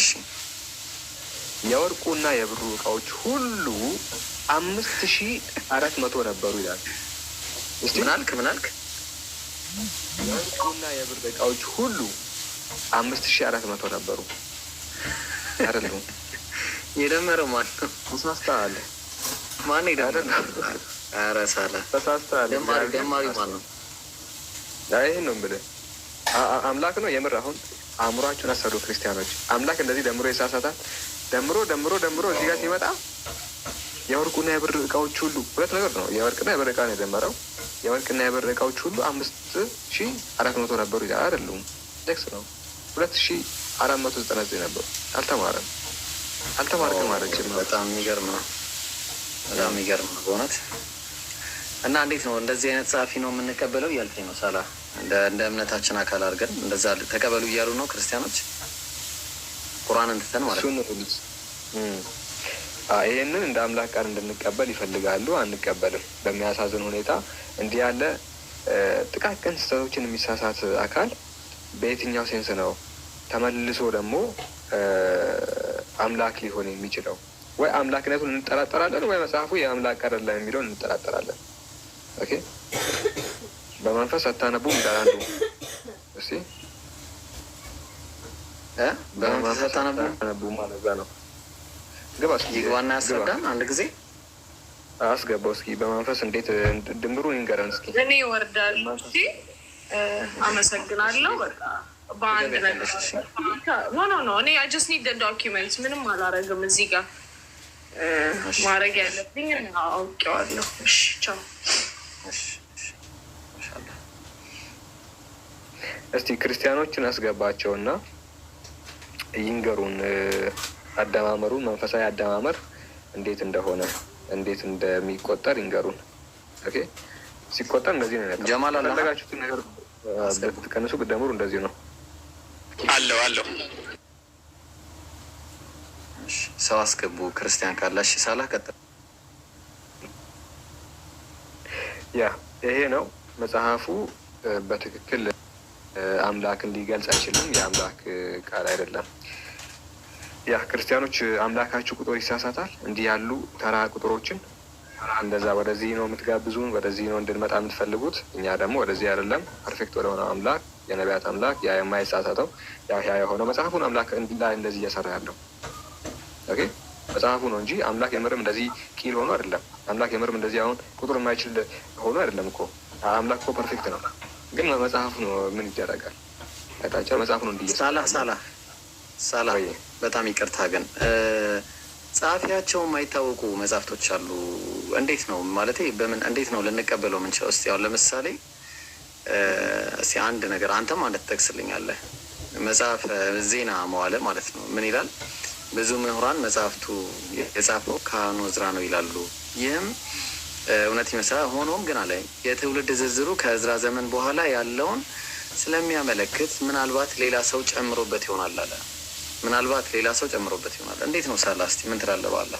እሺ የወርቁና የብሩ እቃዎች ሁሉ አምስት ሺ አራት መቶ ነበሩ ይላል። ምን አልክ? ምን አልክ? የወርቁና የብር እቃዎች ሁሉ አምስት ሺ አራት መቶ ነበሩ አይደሉም? የደመረ ማን ነው? ተሳስተሃል። ማን ሄዳለ? ኧረ ሳለ ተሳስተሃል። ደማሪ ማን ነው? ይህን ነው የምልህ። አምላክ ነው የምር አሁን አእምሯችሁን አሰዱ ክርስቲያኖች። አምላክ እንደዚህ ደምሮ ይሳሳታል። ደምሮ ደምሮ ደምሮ እዚህ ጋር ሲመጣ የወርቁና የብር እቃዎች ሁሉ ሁለት ነገር ነው። የወርቅና የብር እቃ ነው የደመረው። የወርቅና የብር እቃዎች ሁሉ አምስት ሺ አራት መቶ ነበሩ ይላል። አይደሉም፣ ደክስ ነው። ሁለት ሺ አራት መቶ ዘጠና ዘጠኝ ነበሩ። አልተማረም፣ አልተማርክም ማለች። በጣም የሚገርም ነው፣ በጣም የሚገርም ነው በእውነት እና እንዴት ነው እንደዚህ አይነት ጸሐፊ ነው የምንቀበለው እያልከኝ ነው ሳላ እንደ እምነታችን አካል አድርገን እንደዛ ተቀበሉ እያሉ ነው ክርስቲያኖች። ቁርአን እንትተን ማለት ነው። ይህንን እንደ አምላክ ቃል እንድንቀበል ይፈልጋሉ፣ አንቀበልም። በሚያሳዝን ሁኔታ እንዲህ ያለ ጥቃቅን ስህተቶችን የሚሳሳት አካል በየትኛው ሴንስ ነው ተመልሶ ደግሞ አምላክ ሊሆን የሚችለው? ወይ አምላክነቱን እንጠራጠራለን፣ ወይ መጽሐፉ የአምላክ አይደለም የሚለውን እንጠራጠራለን። ኦኬ በመንፈስ አታነቡ ይላል አንዱ። እስቲ በመንፈስ አታነቡም ማለት ነው። ግባ እስኪ ይግባና ያስረዳን አንድ ጊዜ አስገባው እስኪ በመንፈስ እንዴት ድምሩ ይንገረን እስኪ። እኔ ይወርዳል። አመሰግናለሁ። በቃ በአንድ ነገር ኖ ኖ ኖ እኔ አይ ጀስት ኒድ ዶኪመንት ምንም አላረግም እዚህ ጋር ማድረግ ያለብኝ አውቄዋለሁ። እሺ ቻው። እስቲ ክርስቲያኖችን አስገባቸውና ይንገሩን አደማመሩ መንፈሳዊ አደማመር እንዴት እንደሆነ እንዴት እንደሚቆጠር ይንገሩን። ኦኬ ሲቆጠር እንደዚህ ነው ያለፈለጋችሁትን ነገር ከነሱ ብትደምሩ እንደዚህ ነው አለው አለው። ሰው አስገቡ ክርስቲያን ካላሽ ሳላ ቀጠ ያ ይሄ ነው መጽሐፉ በትክክል አምላክን ሊገልጽ አይችልም። የአምላክ ቃል አይደለም። ያ ክርስቲያኖች አምላካችሁ ቁጥር ይሳሳታል። እንዲህ ያሉ ተራ ቁጥሮችን እንደዛ ወደዚህ ነው የምትጋብዙን፣ ወደዚህ ነው እንድንመጣ የምትፈልጉት። እኛ ደግሞ ወደዚህ አይደለም፣ ፐርፌክት ወደሆነ አምላክ፣ የነቢያት አምላክ፣ ያ የማይሳሳተው ያ የሆነው መጽሐፉን አምላክ ላይ እንደዚህ እያሰራ ያለው ኦኬ መጽሐፉ ነው እንጂ አምላክ የምርም እንደዚህ ቂል ሆኖ አይደለም። አምላክ የምርም እንደዚህ አሁን ቁጥር የማይችል ሆኖ አይደለም እኮ አምላክ እኮ ፐርፌክት ነው። ግን መጽሐፉ ነው። ምን ይደረጋል? ታቻ መጽሐፉ ነው። እንዲ ሳላ ሳላ ሳላ፣ በጣም ይቅርታ ግን ጸሐፊያቸው የማይታወቁ መጽሐፍቶች አሉ። እንዴት ነው ማለት በምን እንዴት ነው ልንቀበለው ምንችለው? እስቲ አሁን ለምሳሌ እስቲ አንድ ነገር አንተም አንተ ትጠቅስልኛለህ። መጽሐፍ ዜና መዋለ ማለት ነው ምን ይላል? ብዙ ምሁራን መጽሐፍቱ የጻፈው ካህኑ ዕዝራ ነው ይላሉ። ይህም እውነት ይመስላል። ሆኖም ግን አለ የትውልድ ዝርዝሩ ከእዝራ ዘመን በኋላ ያለውን ስለሚያመለክት ምናልባት ሌላ ሰው ጨምሮበት ይሆናል አለ። ምናልባት ሌላ ሰው ጨምሮበት ይሆናል። እንዴት ነው ሳላ? እስቲ ምን ትላለህ? ባላ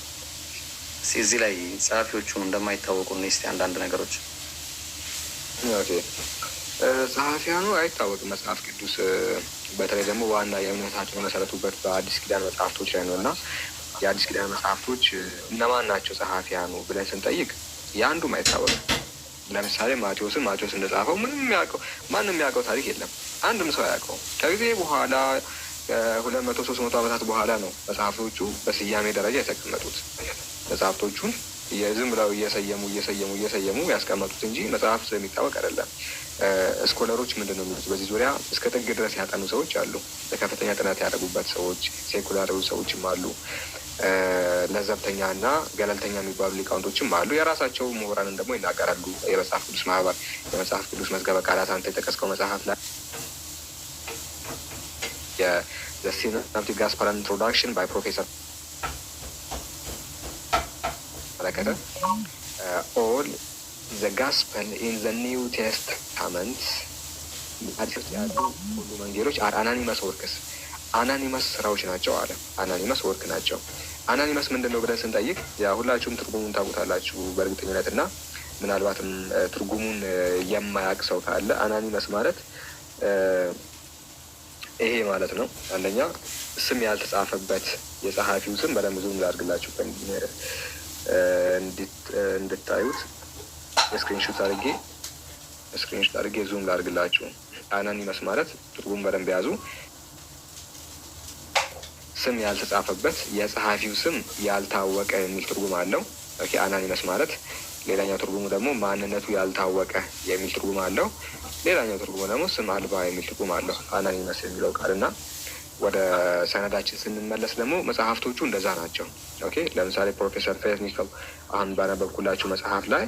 እዚህ ላይ ጸሐፊዎቹ እንደማይታወቁ እስቲ አንዳንድ ነገሮች ጸሐፊያኑ አይታወቅም። መጽሐፍ ቅዱስ በተለይ ደግሞ ዋና የእምነታቸው መሰረቱበት በአዲስ ኪዳን መጽሐፍቶች ላይ ነው እና የአዲስ ኪዳን መጽሐፍቶች እነማን ናቸው ጸሐፊያኑ ብለን ስንጠይቅ የአንዱም አይታወቅ። ለምሳሌ ማቴዎስን ማቴዎስ እንደጻፈው ምንም የሚያውቀው ማንም የሚያውቀው ታሪክ የለም። አንድም ሰው አያውቀውም። ከጊዜ በኋላ ሁለት መቶ ሶስት መቶ ዓመታት በኋላ ነው መጽሐፍቶቹ በስያሜ ደረጃ የተቀመጡት። መጽሐፍቶቹን የዝም ብለው እየሰየሙ እየሰየሙ እየሰየሙ ያስቀመጡት እንጂ መጽሐፍ የሚታወቅ አይደለም። ስኮለሮች ምንድን ነው የሚሉት በዚህ ዙሪያ እስከ ጥግ ድረስ ያጠኑ ሰዎች አሉ። ለከፍተኛ ጥናት ያደረጉበት ሰዎች፣ ሴኩላሪ ሰዎችም አሉ። ለዘብተኛ እና ገለልተኛ የሚባሉ ሊቃውንቶችም አሉ። የራሳቸው ምሁራንን ደግሞ ይናገራሉ። የመጽሐፍ ቅዱስ ማህበር፣ የመጽሐፍ ቅዱስ መዝገበ ቃላት አንተ የጠቀስከው መጽሐፍ ላይ የሲናፕቲክ ጋስፐራል ኢንትሮዳክሽን ባይ ፕሮፌሰር መለከተ ኦል ዘ ጋስፐል ኢን ዘ ኒው ቴስታመንት አዲስ ያሉ ሁሉ ወንጌሎች አር አናኒመስ ወርክስ አናኒመስ ስራዎች ናቸው አለ። አናኒመስ ወርክ ናቸው። አናኒመስ ምንድን ነው ብለን ስንጠይቅ ያ ሁላችሁም ትርጉሙን ታውቁታላችሁ በእርግጠኝነት እና ምናልባትም ትርጉሙን የማያውቅ ሰው ካለ አናኒመስ ማለት ይሄ ማለት ነው። አንደኛ ስም ያልተጻፈበት የጸሐፊው ስም በደንብ ዙም ላድርግላችሁ እንድታዩት ስክሪንሹት አድርጌ ስክሪንሹት አድርጌ ዙም ላድርግላችሁ። አናኒመስ ማለት ትርጉሙን በደንብ ያዙ። ስም ያልተጻፈበት የጸሐፊው ስም ያልታወቀ የሚል ትርጉም አለው። አናኒመስ ማለት ሌላኛው ትርጉሙ ደግሞ ማንነቱ ያልታወቀ የሚል ትርጉም አለው። ሌላኛው ትርጉሙ ደግሞ ስም አልባ የሚል ትርጉም አለው አናኒመስ የሚለው ቃል እና ወደ ሰነዳችን ስንመለስ ደግሞ መጽሐፍቶቹ እንደዛ ናቸው። ኦኬ ለምሳሌ ፕሮፌሰር ፌርኒከል አሁን ባነበብኩላችሁ መጽሐፍ ላይ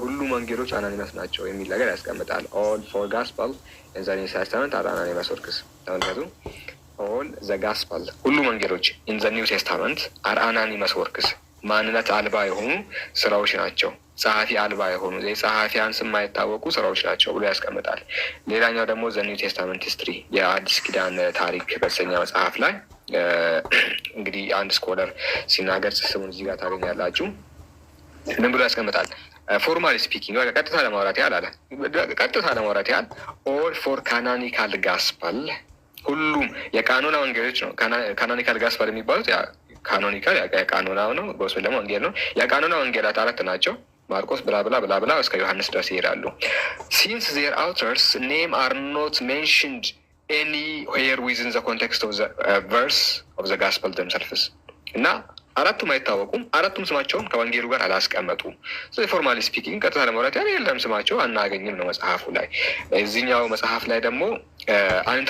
ሁሉ መንገዶች አናኒመስ ናቸው የሚል ነገር ያስቀምጣል። ኦል ፎር ጋስፐል ኢን ዘ ኒው ቴስታመንት አናኒመስ ወርክስ ተመልከቱ። ኦል ዘ ጋስፐል ሁሉ መንገዶች ኢን ዘ ኒው ቴስታመንት አር አናኒመስ ወርክስ ማንነት አልባ የሆኑ ስራዎች ናቸው። ጸሐፊ አልባ የሆኑ ጸሐፊያን ስም የማይታወቁ ስራዎች ናቸው ብሎ ያስቀምጣል። ሌላኛው ደግሞ ዘ ኒው ቴስታመንት ሂስትሪ የአዲስ ኪዳን ታሪክ በተሰኛ መጽሐፍ ላይ እንግዲህ አንድ ስኮለር ሲናገር ስሙን እዚህ ጋር ታገኛላችሁ። ምን ብሎ ያስቀምጣል? ፎርማል ስፒኪንግ ቀጥታ ለማውራት ያህል አለ ቀጥታ ለማውራት ያህል ኦል ፎር ካናኒካል ጋስፐል ሁሉም የቃኖና ወንጌሎች ነው ካኖኒካል ጋስፐል የሚባሉት ካኖኒካል የቃኖና ነው። ጎስፔል ደግሞ ወንጌል ነው። የቃኖና ወንጌላት አራት ናቸው። ማርቆስ ብላብላ ብላብላ እስከ ዮሐንስ ድረስ ይሄዳሉ። ሲንስ ዜር አውተርስ ኔም አር ኖት ሜንሽንድ ኤኒ ሄር ዊዝን ዘ ኮንቴክስት ቨርስ ኦፍ ዘ ጋስፐል ደምሰልፍስ እና አራቱም አይታወቁም። አራቱም ስማቸውን ከወንጌሉ ጋር አላስቀመጡም። ፎርማሊ ስፒኪንግ ቀጥታ ለመውራት ያ የለም ስማቸው አናገኝም ነው መጽሐፉ ላይ። እዚኛው መጽሐፍ ላይ ደግሞ አን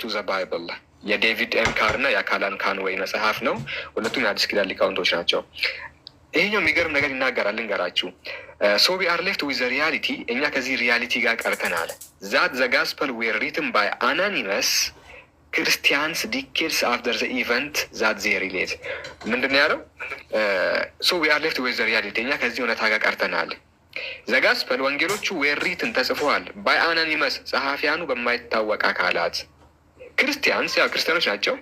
ቱ ዘ ባይብል የዴቪድ ኤም ካር እና የአካላን ካንወይ መጽሐፍ ነው። ሁለቱም የአዲስ ኪዳን ሊቃውንቶች ናቸው። ይህኛው የሚገርም ነገር ይናገራል። ልንገራችሁ። ሶ ዊ አር ሌፍት ዊዝ ሪያሊቲ እኛ ከዚህ ሪያሊቲ ጋር ቀርተናል። ዛት ዘ ጋስፐል ዌር ሪትም ባይ አናኒመስ ክርስቲያንስ ዲኬድስ አፍተር ዘ ኢቨንት ዛት ዜ ሪሌት ምንድን ያለው ሶ ዊ አር ሌፍት ዌዘር ሪያሊቲ እኛ ከዚህ እውነታ ጋር ቀርተናል። ዘጋስፐል ወንጌሎቹ ዌር ሪትን ተጽፈዋል ባይ አናኒመስ ጸሐፊያኑ በማይታወቅ አካላት ክርስቲያንስ ያ ክርስቲያኖች ናቸው።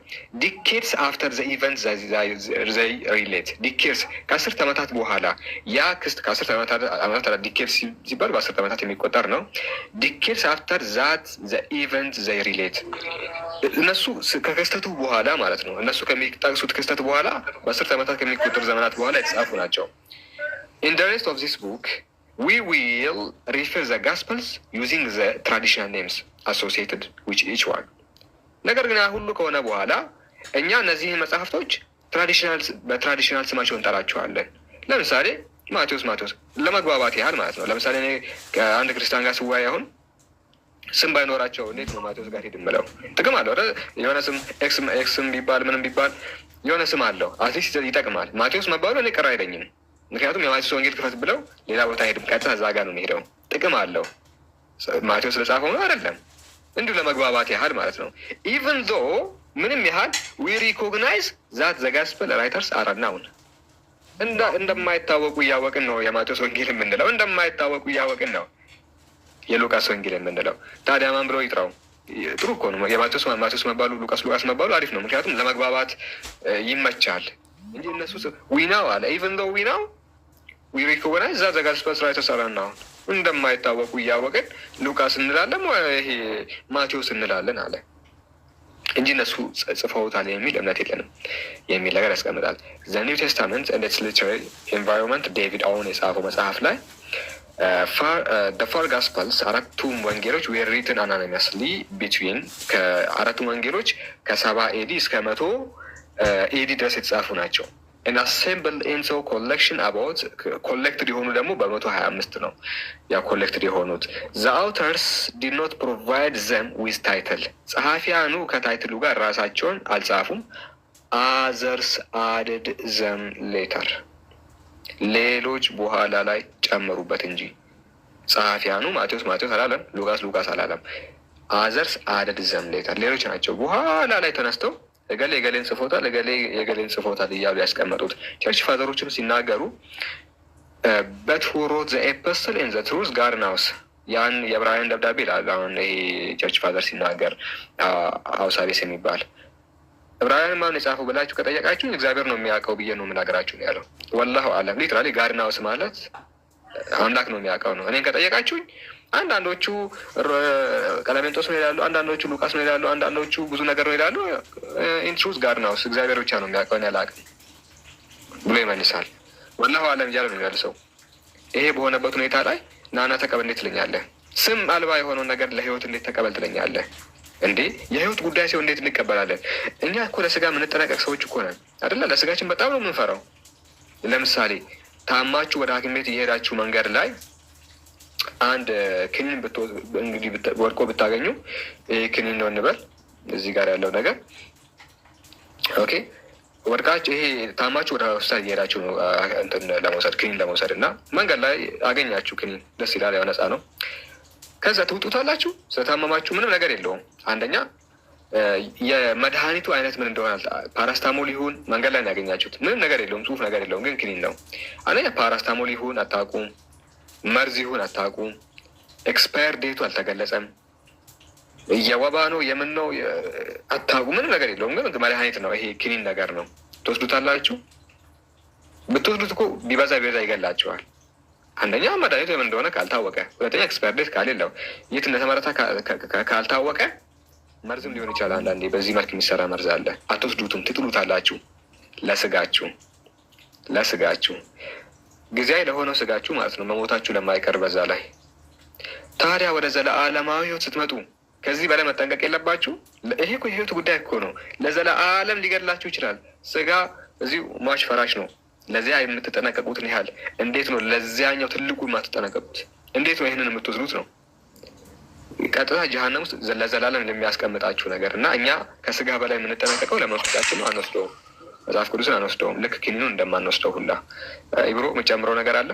ዲኬድስ አፍተር ዘ ኢቨንት ዘይ ሪሌት ዲኬድስ ከአስርት ዓመታት በኋላ ያ ክስት ከአስርት ዓመታት ዲኬድስ ሲባል በአስርት ዓመታት የሚቆጠር ነው። ዲኬድስ አፍተር ዛት ዘ ኢቨንት ዘይ ሪሌት እነሱ ከክስተቱ በኋላ ማለት ነው። እነሱ ከሚጠቅሱት ክስተት በኋላ በአስርት ዓመታት ከሚቆጠሩ ዘመናት በኋላ የተጻፉ ናቸው። ኢን ዘ ሬስት ኦፍ ዚስ ቡክ ዊ ዊል ሪፌር ዘ ጋስፐልስ ዩዚንግ ዘ ትራዲሽናል ኔምስ አሶሲየትድ ዊች ኢች ዋን ነገር ግን ሁሉ ከሆነ በኋላ እኛ እነዚህን መጽሐፍቶች በትራዲሽናል ስማቸው እንጠራቸዋለን። ለምሳሌ ማቴዎስ ማቴዎስ ለመግባባት ያህል ማለት ነው። ለምሳሌ እኔ ከአንድ ክርስቲያን ጋር ስዋይ አሁን ስም ባይኖራቸው እንዴት ነው ማቴዎስ ጋር ሄድ የምለው? ጥቅም አለው። የሆነ ስም ኤክስም ቢባል ምንም ቢባል የሆነ ስም አለው፣ አትሊስት ይጠቅማል። ማቴዎስ መባሉ እኔ ቅር አይለኝም። ምክንያቱም የማቴዎስ ወንጌል ክፈት ብለው ሌላ ቦታ ሄድም፣ ቀጥታ እዛ ጋር ነው የሚሄደው። ጥቅም አለው። ማቴዎስ ለጻፈው ነው አይደለም እንዲሁ ለመግባባት ያህል ማለት ነው። ኢቨን ዞ ምንም ያህል ዊ ሪኮግናይዝ ዛት ዘጋስፐል ራይተርስ አር ናውን እንደማይታወቁ እያወቅን ነው የማቴዎስ ወንጌል የምንለው እንደማይታወቁ እያወቅን ነው የሉቃስ ወንጌል የምንለው። ታዲያ ማን ብለው ይጥራው? ጥሩ እኮ ነው የማቴዎስ ማቴዎስ መባሉ ሉቃስ ሉቃስ መባሉ አሪፍ ነው። ምክንያቱም ለመግባባት ይመቻል እንጂ እነሱ ዊናው አለ ኢቨን ዞ ዊናው ዊ ሪኮግናይዝ ዛት ዘጋስፐል ራይተርስ አር ናውን እንደማይታወቁ እያወቅን ሉቃስ እንላለን፣ ይሄ ማቴዎስ እንላለን አለ እንጂ እነሱ ጽፈውታል የሚል እምነት የለንም የሚል ነገር ያስቀምጣል። ዘኒው ቴስታመንት እንደ ሊትራሪ ኤንቫይሮንመንት ዴቪድ አሁን የጻፈው መጽሐፍ ላይ ፋር ጋስፐልስ አራቱም ወንጌሎች ዌር ሪትን አናኒመስሊ ቢትዊን ከአራቱም ወንጌሎች ከሰባ ኤዲ እስከ መቶ ኤዲ ድረስ የተጻፉ ናቸው። እና ኢንሶ ኮሌክሽን አባውት ኮሌክትድ የሆኑ ደግሞ በመቶ ሀያ አምስት ነው ያ ኮሌክትድ የሆኑት። ዘ አውተርስ ኖት ፕሮቫይድ ዘም ዊዝ ታይትል ጸሐፊያኑ ከታይትሉ ጋር ራሳቸውን አልጻፉም። አዘርስ አድድ ዘም ሌተር ሌሎች በኋላ ላይ ጨምሩበት እንጂ ጸሐፊያኑ ማቴዎስ ማቴዎስ አላለም፣ ሉቃስ ሉቃስ አላለም። አዘርስ አድድ ዘም ሌተር ሌሎች ናቸው በኋላ ላይ ተነስተው እገሌ የገሌን ጽፎታል፣ እገሌ የገሌን ጽፎታል እያሉ ያስቀመጡት ቸርች ፋዘሮችም ሲናገሩ በት ሁ ሮት ዘ ኤፕስትል ኢን ዘ ትሩዝ ጋድ ናውስ ያን የዕብራውያን ደብዳቤ ይላል። አሁን ይሄ ቸርች ፋዘር ሲናገር አውሳቤስ የሚባል ዕብራውያን ማን የጻፈው ብላችሁ ከጠየቃችሁ እግዚአብሔር ነው የሚያውቀው ብዬ ነው የምናገራችሁ ነው ያለው። ወላሁ አለም ሊትራሊ ጋድ ናውስ ማለት አምላክ ነው የሚያውቀው ነው። እኔን ከጠየቃችሁኝ አንዳንዶቹ ቀለሜንጦስ ነው ይላሉ፣ አንዳንዶቹ ሉቃስ ነው ይላሉ፣ አንዳንዶቹ ብዙ ነገር ነው ይላሉ። ኢንትሩዝ ጋር ነው እግዚአብሔር ብቻ ነው የሚያውቀውን ያለ ብሎ ይመልሳል። ወላሁ አለም እያለ ነው የሚመልሰው። ይሄ በሆነበት ሁኔታ ላይ ናና ተቀበል እንዴት ትለኛለህ? ስም አልባ የሆነውን ነገር ለህይወት እንዴት ተቀበል ትለኛለህ? እንዴ የህይወት ጉዳይ ሲሆን እንዴት እንቀበላለን? እኛ እኮ ለስጋ የምንጠነቀቅ ሰዎች እኮ ነን አይደለ? ለስጋችን በጣም ነው የምንፈራው። ለምሳሌ ታማችሁ ወደ ሐኪም ቤት እየሄዳችሁ መንገድ ላይ አንድ ክኒን እንግዲህ ወድቆ ብታገኙ ይህ ክኒን ነው እንበል። እዚህ ጋር ያለው ነገር ኦኬ፣ ወድቃችሁ ይሄ ታማችሁ ወደ ሆስፒታል እየሄዳችሁ ነው ለመውሰድ ክኒን ለመውሰድ እና መንገድ ላይ አገኛችሁ ክኒን፣ ደስ ይላል፣ ያው ነፃ ነው። ከዛ ትውጡታላችሁ። ስለታመማችሁ ምንም ነገር የለውም። አንደኛ የመድኃኒቱ አይነት ምን እንደሆነ ፓራስታሞል ይሁን መንገድ ላይ ያገኛችሁት ምንም ነገር የለውም፣ ጽሁፍ ነገር የለውም፣ ግን ክኒን ነው። አንደኛ ፓራስታሞል ይሁን አታውቁም መርዝ ይሁን አታቁ ኤክስፓየር ዴቱ አልተገለጸም። የወባ ነው የምን ነው አታውቁ። ምንም ነገር የለውም። ግን መድኃኒት ነው ይሄ ክኒን ነገር ነው። ትወስዱታላችሁ። ብትወስዱት እኮ ቢበዛ ቢበዛ ይገላችኋል። አንደኛ መድኃኒቱ የምን እንደሆነ ካልታወቀ፣ ሁለተኛ ኤክስፓየር ዴት ካሌለው፣ የት እንደተመረተ ካልታወቀ መርዝም ሊሆን ይችላል። አንዳንዴ በዚህ መልክ የሚሰራ መርዝ አለ። አትወስዱትም፣ ትጥሉታላችሁ ለስጋችሁ ለስጋችሁ ጊዜያዊ ለሆነው ስጋችሁ ማለት ነው መሞታችሁ ለማይቀር በዛ ላይ ታዲያ ወደ ዘለዓለማዊ ህይወት ስትመጡ ከዚህ በላይ መጠንቀቅ የለባችሁ። ይሄ እኮ የህይወት ጉዳይ እኮ ነው። ለዘለዓለም ሊገድላችሁ ይችላል። ስጋ እዚሁ ሟች ፈራሽ ነው። ለዚያ የምትጠነቀቁትን ያህል እንዴት ነው ለዚያኛው ትልቁ የማትጠነቀቁት? እንዴት ነው ይህንን የምትወስዱት ነው ቀጥታ ጀሃነም ውስጥ ለዘላለም የሚያስቀምጣችሁ ነገር እና እኛ ከስጋ በላይ የምንጠነቀቀው ለመፍጫችን ነው አንወስደውም። መጽሐፍ ቅዱስን አንወስደውም። ልክ ኪኒኑ እንደማንወስደው ሁላ ኢብሮ የምጨምረው ነገር አለ?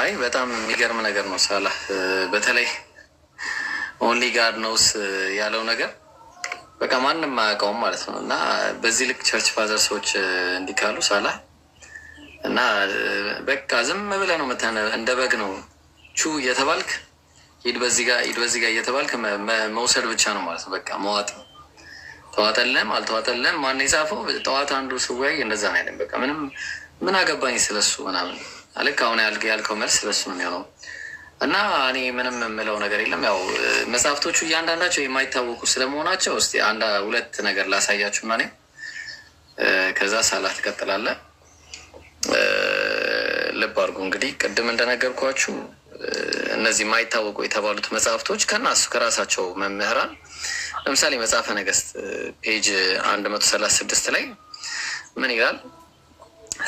አይ በጣም የሚገርም ነገር ነው። ሳላ በተለይ ኦንሊ ጋድ ኖውስ ያለው ነገር በቃ ማንም አያውቀውም ማለት ነው። እና በዚህ ልክ ቸርች ፋዘር ሰዎች እንዲካሉ ሳላ እና በቃ ዝም ብለህ ነው እንደ በግ ነው ቹ እየተባልክ ሂድ በዚህ ጋር ሂድ በዚህ ጋር እየተባልክ መውሰድ ብቻ ነው ማለት ነው። በቃ መዋጥ ተዋጠለም አልተዋጠለም ማን የጻፈው? ጠዋት አንዱ ስወያይ እንደዛ ነው ያለን። በቃ ምንም ምን አገባኝ ስለሱ ምናምን አልክ። አሁን ያልከው መልስ ስለሱ ነው የሚሆነው እና እኔ ምንም የምለው ነገር የለም። ያው መጽሐፍቶቹ እያንዳንዳቸው የማይታወቁ ስለመሆናቸው እስኪ አንድ ሁለት ነገር ላሳያችሁ ና ከዛ ሳላ ትቀጥላለ። ልብ አድርጉ እንግዲህ ቅድም እንደነገርኳችሁ እነዚህ የማይታወቁ የተባሉት መጽሐፍቶች ከእናሱ ከራሳቸው መምህራን ለምሳሌ መጽሐፈ ነገስት ፔጅ አንድ መቶ ሰላሳ ስድስት ላይ ምን ይላል?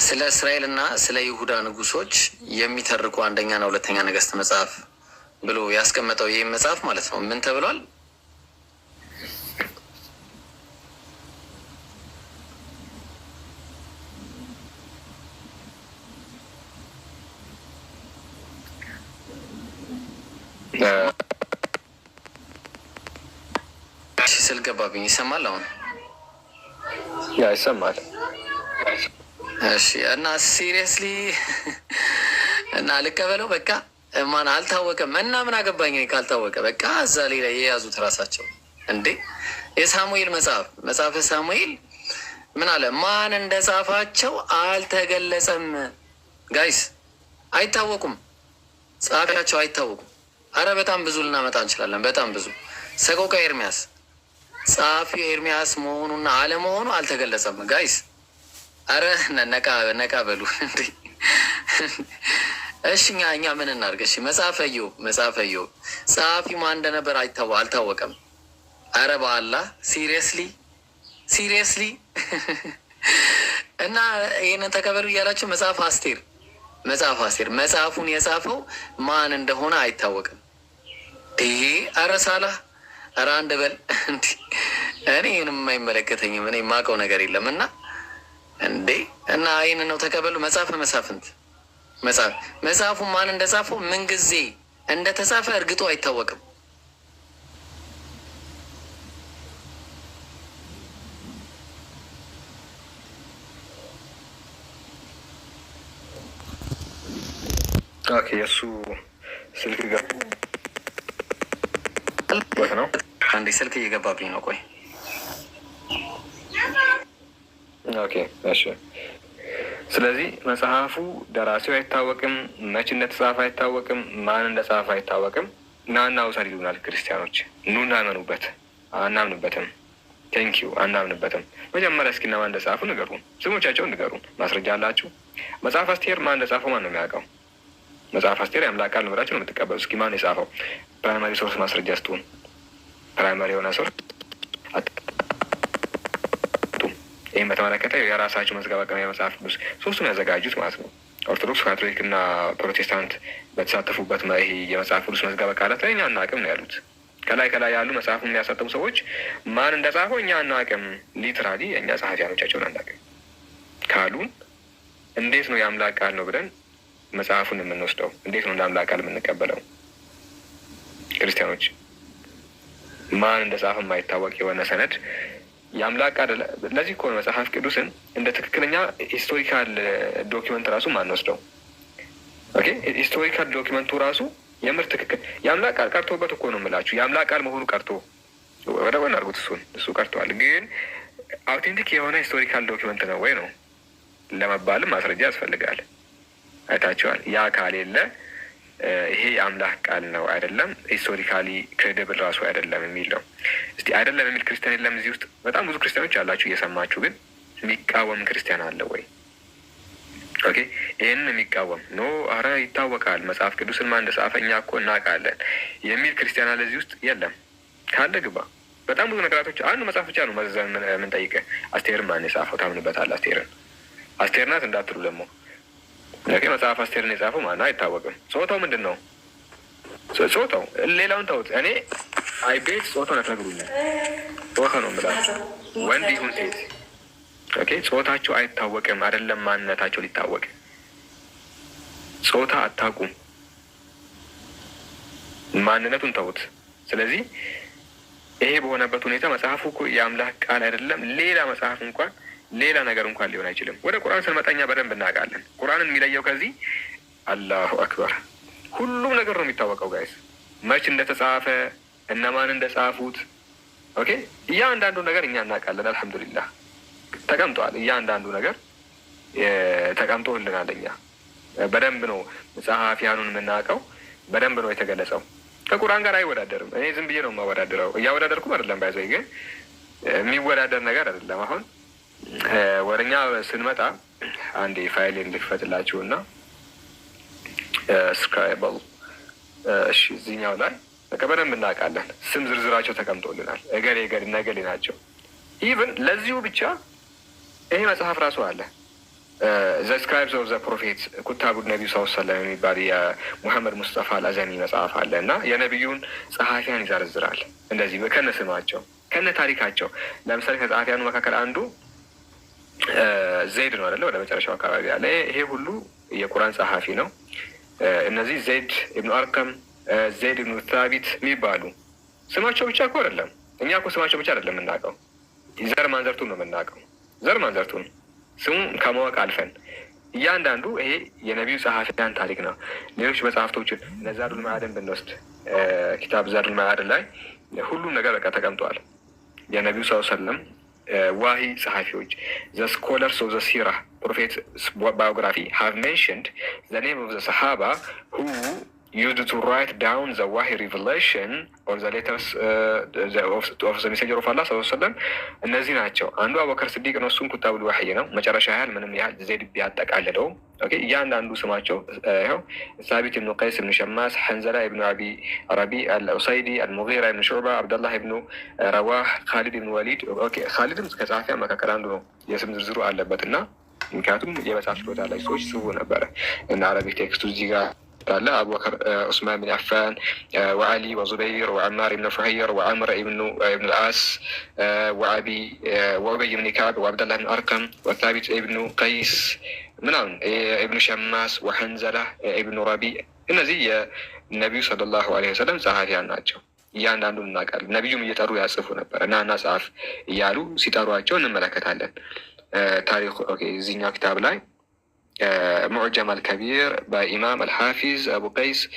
ስለ እስራኤል እና ስለ ይሁዳ ንጉሶች የሚተርኩ አንደኛና ሁለተኛ ነገስት መጽሐፍ ብሎ ያስቀመጠው ይህም መጽሐፍ ማለት ነው ምን ተብሏል? ስል ገባብኝ። ይሰማል? አሁን ይሰማል። እሺ። እና ሲሪየስሊ እና ልቀበለው በቃ ማን አልታወቀም። እና ምን አገባኝ ካልታወቀ በቃ እዛ ሌላ የያዙት ራሳቸው እንዴ። የሳሙኤል መጽሐፍ መጽሐፈ ሳሙኤል ምን አለ? ማን እንደ ጻፋቸው አልተገለጸም። ጋይስ አይታወቁም፣ ጻፊያቸው አይታወቁም። አረ በጣም ብዙ ልናመጣ እንችላለን። በጣም ብዙ ሰቆቃ ኤርሚያስ ጸሐፊው ኤርሚያስ መሆኑና አለመሆኑ አልተገለጸም። ጋይስ አረ ነቃ በሉ እንዴ! እሺ እኛ እኛ ምን እናድርግ? እሺ መጽሐፈ ኢዮብ መጽሐፈ ጸሐፊ ማን እንደነበር አልታወቀም። አረ በአላ ሲሪየስሊ ሲሪየስሊ እና ይህንን ተከበሩ እያላቸው መጽሐፍ አስቴር መጽሐፍ አስቴር መጽሐፉን የጻፈው ማን እንደሆነ አይታወቅም። አረሳላ ሳላህ አንድ በል። እኔ ይህን የማይመለከተኝም እኔ የማውቀው ነገር የለም እና እንዴ እና ይህን ነው ተቀበሉ። መጽሐፈ መሳፍንት መጽሐፍ መጽሐፉ ማን እንደጻፈው ምንጊዜ እንደተጻፈ እርግጦ አይታወቅም። ኦኬ የእሱ ስልክ ገባ። ነው። አንዴ ስልክ እየገባብኝ ነው። ቆይ ኦኬ፣ እሺ። ስለዚህ መጽሐፉ ደራሲው አይታወቅም፣ መቼ እንደተጻፈ አይታወቅም፣ ማን እንደጻፈ አይታወቅም። ናና ውሰድ ይሉናል ክርስቲያኖች። ኑ እናመኑበት። አናምንበትም። ቴንኪዩ አናምንበትም። መጀመሪያ እስኪና ማን እንደጻፉ ንገሩን፣ ስሞቻቸውን ንገሩን። ማስረጃ አላችሁ? መጽሐፍ አስቴር ማን እንደጻፈው ማን ነው የሚያውቀው? መጽሐፍ አስቴር የአምላክ ቃል ነው ነው የምትቀበሉ። እስኪ ማን የጻፈው? ፕራይማሪ ሶርስ ማስረጃ ስትሆን ፕራይማሪ የሆነ ሶርስ ይህም በተመለከተ የራሳቸው መዝገበ ቅኔ መጽሐፍ ቅዱስ ሶስቱን ያዘጋጁት ማለት ነው። ኦርቶዶክስ፣ ካቶሊክ እና ፕሮቴስታንት በተሳተፉበት ይሄ የመጽሐፍ ቅዱስ መዝገበ ቃላት ላይ እኛ አናቅም ነው ያሉት። ከላይ ከላይ ያሉ መጽሐፉን የሚያሳተሙ ሰዎች ማን እንደጻፈው እኛ አናቅም፣ ሊትራሊ እኛ ጸሐፊያኖቻቸውን አናቅም ካሉን እንዴት ነው የአምላክ ቃል ነው ብለን መጽሐፉን የምንወስደው? እንዴት ነው እንደ አምላክ ቃል የምንቀበለው? ክርስቲያኖች ማን እንደጻፈ የማይታወቅ የሆነ ሰነድ የአምላክ ቃል ለዚህ ከሆነ መጽሐፍ ቅዱስን እንደ ትክክለኛ ሂስቶሪካል ዶኪመንት ራሱ ማን ወስደው ሂስቶሪካል ዶኪመንቱ ራሱ የምር ትክክል የአምላክ ቃል ቀርቶበት እኮ ነው የምላችሁ። የአምላክ ቃል መሆኑ ቀርቶ ወደ ጎን አድርጉት፣ እሱን እሱ ቀርተዋል። ግን አውቴንቲክ የሆነ ሂስቶሪካል ዶኪመንት ነው ወይ ነው ለመባልም ማስረጃ ያስፈልጋል። አይታቸዋል። ያ ካሌለ ይሄ የአምላክ ቃል ነው አይደለም፣ ሂስቶሪካሊ ክሬደብል ራሱ አይደለም የሚል ነው። እስቲ አይደለም የሚል ክርስቲያን የለም እዚህ ውስጥ? በጣም ብዙ ክርስቲያኖች አላችሁ እየሰማችሁ፣ ግን የሚቃወም ክርስቲያን አለ ወይ? ኦኬ፣ ይህን የሚቃወም ኖ፣ አረ ይታወቃል፣ መጽሐፍ ቅዱስን ማን እንደጻፈ እኛ እኮ እናውቃለን የሚል ክርስቲያን አለ እዚህ ውስጥ? የለም። ካለ ግባ። በጣም ብዙ ነገራቶች አንዱ መጽሐፍ ብቻ ነው መዘዘን የምንጠይቀ። አስቴርን ማን የጻፈው ታምንበታል? አስቴርን አስቴርናት እንዳትሉ ደግሞ ያቄ መጽሐፍ አስቴርን የጻፈው ማነው አይታወቅም። ጾታው ምንድን ነው? ጾታው ሌላውን ተውት። እኔ አይ ቤት ጾታውን ጾታ ነው የምላቸው ወንድ ይሁን ሴት ኦኬ። ጾታቸው አይታወቅም አይደለም ማንነታቸው ሊታወቅ ጾታ አታውቁም። ማንነቱን ተውት። ስለዚህ ይሄ በሆነበት ሁኔታ መጽሐፉ እኮ የአምላክ ቃል አይደለም ሌላ መጽሐፍ እንኳን ሌላ ነገር እንኳን ሊሆን አይችልም። ወደ ቁርአን ስንመጣኛ በደንብ እናውቃለን። ቁርአንን የሚለየው ከዚህ አላሁ አክበር ሁሉም ነገር ነው የሚታወቀው። ጋይስ መች እንደተጻፈ እነማን እንደጻፉት፣ ኦኬ እያንዳንዱ ነገር እኛ እናውቃለን። አልሐምዱሊላህ ተቀምጧል። እያንዳንዱ ነገር ተቀምጦልናል። እኛ በደንብ ነው ጸሐፊያኑን የምናውቀው። በደንብ ነው የተገለጸው። ከቁርአን ጋር አይወዳደርም። እኔ ዝም ብዬ ነው የማወዳደረው። እያወዳደርኩም አይደለም ባይዘይ ግን የሚወዳደር ነገር አይደለም አሁን ወደኛ ስንመጣ አንድ ፋይል እንድፈትላችሁ እና ስክራይበል እሺ፣ እዚህኛው ላይ በቃ በደንብ እናውቃለን። ስም ዝርዝራቸው ተቀምጦልናል። እገሌ እገሌ ነገሌ ናቸው። ኢቨን ለዚሁ ብቻ ይሄ መጽሐፍ ራሱ አለ ዘ ስክራይብስ ኦፍ ዘ ፕሮፌት ኩታቡ ነቢዩ ሰው ሰለም የሚባል የሙሐመድ ሙስጠፋ ላዘኒ መጽሐፍ አለ እና የነቢዩን ጸሐፊያን ይዘረዝራል እንደዚህ ከነ ስማቸው ከነ ታሪካቸው። ለምሳሌ ከጸሐፊያኑ መካከል አንዱ ዘይድ ነው አለ ወደ መጨረሻው አካባቢ ያለ ይሄ ሁሉ የቁራን ጸሐፊ ነው። እነዚህ ዘይድ እብኑ አርከም፣ ዘይድ እብኑ ታቢት የሚባሉ ስማቸው ብቻ እኮ አይደለም። እኛ እኮ ስማቸው ብቻ አይደለም የምናውቀው፣ ዘር ማንዘርቱን ነው የምናውቀው። ዘር ማንዘርቱን ስሙ ከማወቅ አልፈን እያንዳንዱ ይሄ የነቢዩ ጸሐፊያን ታሪክ ነው። ሌሎች መጽሐፍቶችን ነዛዱል ዛዱል ብንወስድ ኪታብ ዛዱል መዓደን ላይ ሁሉም ነገር በቃ ተቀምጧል። የነቢዩ ሰው ሰለም ዋሂ ጸሐፊዎች ዘ ስኮለርስ ኦፍ ዘ ሲራ ፕሮፌት ባዮግራፊ ሃቭ ሜንሽንድ ዘ ኔም ኦፍ ዘ ሰሃባ ሁ ዩዝድ ቱ ራይት ዳውን ዘ ዋሂ ሪቨሌሽን ኦን ዘ ሌተርስ ኦፍ ዘ ሜሴንጀር ኦፍ አላህ ሰለም እነዚህ ናቸው። አንዱ አቡበከር ስዲቅ ነው። እሱም ኩታቡል ዋሂ ነው። መጨረሻ ያህል ምንም ያህል ዜድ ቢያጠቃልለው እያንዳንዱ ስማቸው ይኸው ሳቢት ብኑ ቀይስ ብኑ ሸማስ፣ ሐንዘላ ብኑ አቢ ረቢ አልዑሰይዲ፣ አልሙጊራ ብኑ ሹዕባ፣ አብደላህ ብኑ ረዋህ፣ ካሊድ ብኑ ወሊድ። ካሊድም ከጸሐፊያ መካከል አንዱ ነው። የስም ዝርዝሩ አለበት እና ምክንያቱም የመጽሐፍ ችሎታ ላይ ሰዎች ስቡ ነበረ እና አረቢክ ቴክስቱ እዚህ ጋር آه، لا ابو بكر آه، عثمان بن عفان آه، وعلي وزبير وعمار بن فهير وعمر بن ابن العاص وابي وابي بن كعب وعبد الله بن ارقم وثابت بن قيس من إيه، ابن شماس وحنزله ابن ربيع زي النبي صلى الله عليه وسلم صحابي عن ناجو እያንዳንዱ እናቃል ነቢዩም እየጠሩ ያጽፉ ነበር እና እና ጸሐፍ እያሉ ሲጠሯቸው እንመለከታለን ታሪክ እዚኛው ኪታብ ላይ معجم الكبير بإمام الحافظ أبو قيس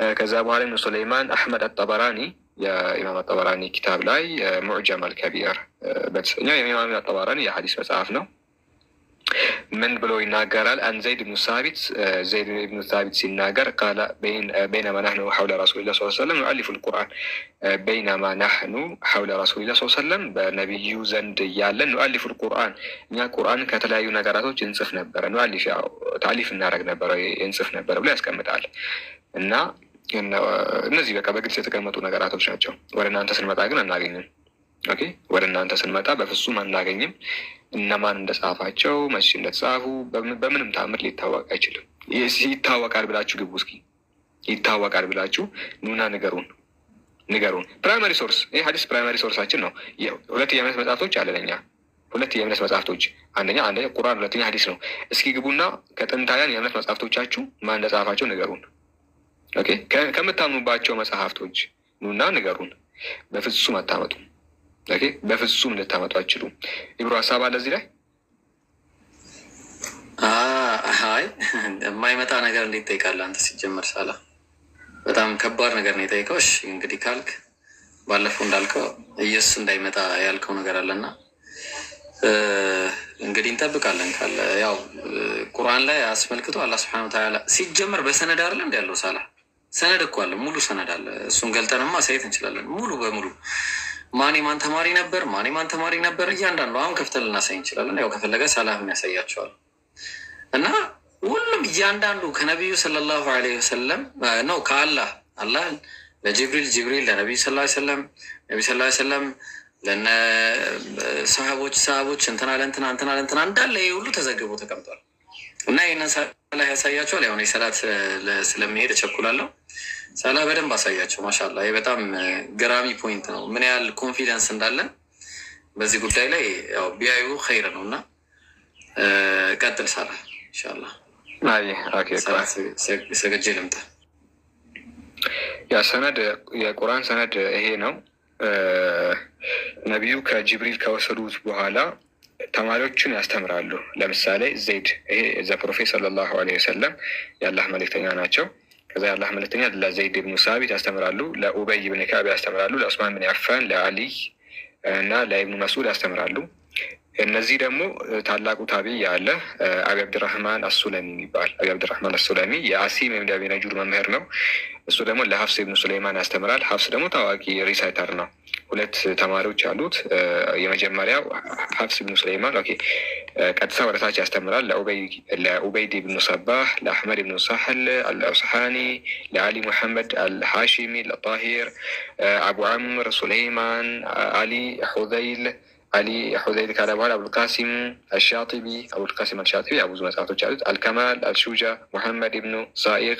آه، كذا أبو هارم سليمان أحمد الطبراني يا إمام الطبراني كتاب لاي آه، معجم الكبير آه، بس يا إمام الطبراني يا حديث بس مسعاف ምን ብሎ ይናገራል? አን ዘይድ ብኑ ሳቢት ዘይድ ብኑ ሳቢት ሲናገር ቃለ በይነማ ናህኑ ሐውለ ረሱሊላ ስ ሰለም ዩዓሊፉ ልቁርአን በይነማ ናህኑ ሐውለ ረሱሊላ ስ ሰለም በነቢዩ ዘንድ እያለን ኑአሊፉ ልቁርአን እኛ ቁርአን ከተለያዩ ነገራቶች እንጽፍ ነበረ፣ ያው ታሊፍ እናደረግ ነበረ፣ እንጽፍ ነበረ ብሎ ያስቀምጣል እና እነዚህ በቃ በግልጽ የተቀመጡ ነገራቶች ናቸው። ወደ እናንተ ስንመጣ ግን አናገኝም። ኦኬ ወደ እናንተ ስንመጣ በፍጹም አናገኝም። እነማን እንደጻፋቸው መቼ እንደተጻፉ በምንም ታምር ሊታወቅ አይችልም። ይታወቃል ብላችሁ ግቡ እስኪ ይታወቃል ብላችሁ ኑና ንገሩን ንገሩን። ፕራይማሪ ሶርስ ይህ ሀዲስ ፕራይማሪ ሶርሳችን ነው። ሁለት የእምነት መጽሐፍቶች አለን እኛ ሁለት የእምነት መጽሐፍቶች አንደኛ አንደኛ ቁርአን፣ ሁለተኛ ሀዲስ ነው። እስኪ ግቡና ከጥንታውያን የእምነት መጽሐፍቶቻችሁ ማን እንደጻፋቸው ንገሩን። ከምታምኑባቸው መጽሐፍቶች ኑና ንገሩን። በፍጹም አታመጡም። ኦኬ በፍጹም ልታመጡ አይችሉም። ኢብሮ ሀሳብ አለ እዚህ ላይ አይ የማይመጣ ነገር እንዴት ጠይቃለህ አንተ? ሲጀመር ሳላ በጣም ከባድ ነገር ነው የጠይቀው። እሺ እንግዲህ ካልክ ባለፈው እንዳልከው ኢየሱስ እንዳይመጣ ያልከው ነገር አለና እንግዲህ እንጠብቃለን ካለ ያው ቁርአን ላይ አስመልክቶ አላህ ስብሐነሁ ወተዓላ ሲጀመር በሰነድ አለ እንዲ ያለው ሳላ ሰነድ እኮ አለ፣ ሙሉ ሰነድ አለ። እሱን ገልጠንማ ሳየት እንችላለን ሙሉ በሙሉ ማን የማን ተማሪ ነበር፣ ማን የማን ተማሪ ነበር፣ እያንዳንዱ አሁን ከፍተን ልናሳይ እንችላለን። ያው ከፈለገ ሰላህም ያሳያቸዋል። እና ሁሉም እያንዳንዱ ከነቢዩ ሰለላሁ ዐለይሂ ወሰለም ነው ከአላህ አላህ ለጅብሪል ጅብሪል ለነቢዩ ስ ሰለም ነቢ ስ ሰለም ለነ ሰሃቦች ሰሃቦች እንትና ለእንትና እንትና ለእንትና እንዳለ ይህ ሁሉ ተዘግቦ ተቀምጧል። እና ይህንን ሰላ ያሳያቸዋል። ያሁን የሰላት ስለሚሄድ እቸኩላለሁ። ሰላ በደንብ አሳያቸው። ማሻላ ይህ በጣም ገራሚ ፖይንት ነው። ምን ያህል ኮንፊደንስ እንዳለን በዚህ ጉዳይ ላይ ያው ቢያዩ ኸይር ነው እና ቀጥል ሰላ ኢንሻላህ። ሰግጄ ልምጣ። ያ ሰነድ የቁርአን ሰነድ ይሄ ነው። ነቢዩ ከጅብሪል ከወሰዱት በኋላ ተማሪዎቹን ያስተምራሉ። ለምሳሌ ዘይድ ይሄ ዘ ፕሮፌት ሰለላሁ ዐለይሂ ወሰለም የአላህ መልእክተኛ ናቸው። ከዛ የአላህ መልእክተኛ ለዘይድ ብኑ ሳቢት ያስተምራሉ፣ ለኡበይ ብን ካዕብ ያስተምራሉ፣ ለዑስማን ብን አፋን፣ ለአሊይ እና ለኢብኑ መስዑድ ያስተምራሉ። እነዚህ ደግሞ ታላቁ ታቢዕ ያለ አቢ አብድራህማን አሱለሚ የሚባል አቢ አብድራህማን አሱለሚ የአሲም ወይም ዳቤነጁር መምህር ነው። እሱ ደግሞ ለሀፍስ ብኑ ሱሌይማን ያስተምራል። ሀፍስ ደግሞ ታዋቂ ሪሳይተር ነው። ሁለት ተማሪዎች አሉት። የመጀመሪያው ሀፍስ ብኑ ሱሌይማን ኦኬ፣ ቀጥታ ወደታች ያስተምራል ለኡበይድ ብኑ ሰባህ፣ ለአሕመድ ብኑ ሳህል አልአውስሓኒ፣ ለአሊ ሙሐመድ አልሓሽሚ፣ ለጣሂር፣ አቡ ዓምር፣ ሱሌይማን፣ አሊ፣ ሑዘይል علي علی ابو القاسم الشاطبي ابو القاسم الشاطبي ابو زمان ساعتو الكمال الشوجة محمد بن صائغ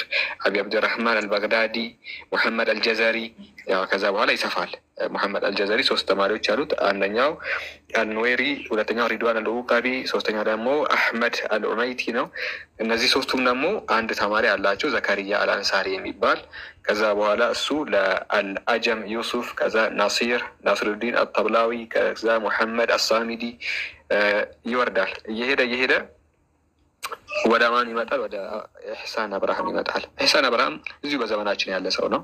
ابي عبد الرحمن البغدادي محمد الجزري ከዛ በኋላ ይሰፋል። መሐመድ አልጀዘሪ ሶስት ተማሪዎች አሉት። አንደኛው አልኑዌሪ፣ ሁለተኛው ሪድዋን አልውቃቢ፣ ሶስተኛው ደግሞ አህመድ አልዑመይቲ ነው። እነዚህ ሶስቱም ደግሞ አንድ ተማሪ አላቸው፣ ዘካሪያ አልአንሳሪ የሚባል ከዛ በኋላ እሱ ለአልአጀም ዩሱፍ፣ ከዛ ናሲር ናስሩዲን አልተብላዊ፣ ከዛ ሙሐመድ አሳሚዲ ይወርዳል። እየሄደ እየሄደ ወደ ማን ይመጣል? ወደ ኢሕሳን አብርሃም ይመጣል። ኢሕሳን አብርሃም እዚሁ በዘመናችን ያለ ሰው ነው።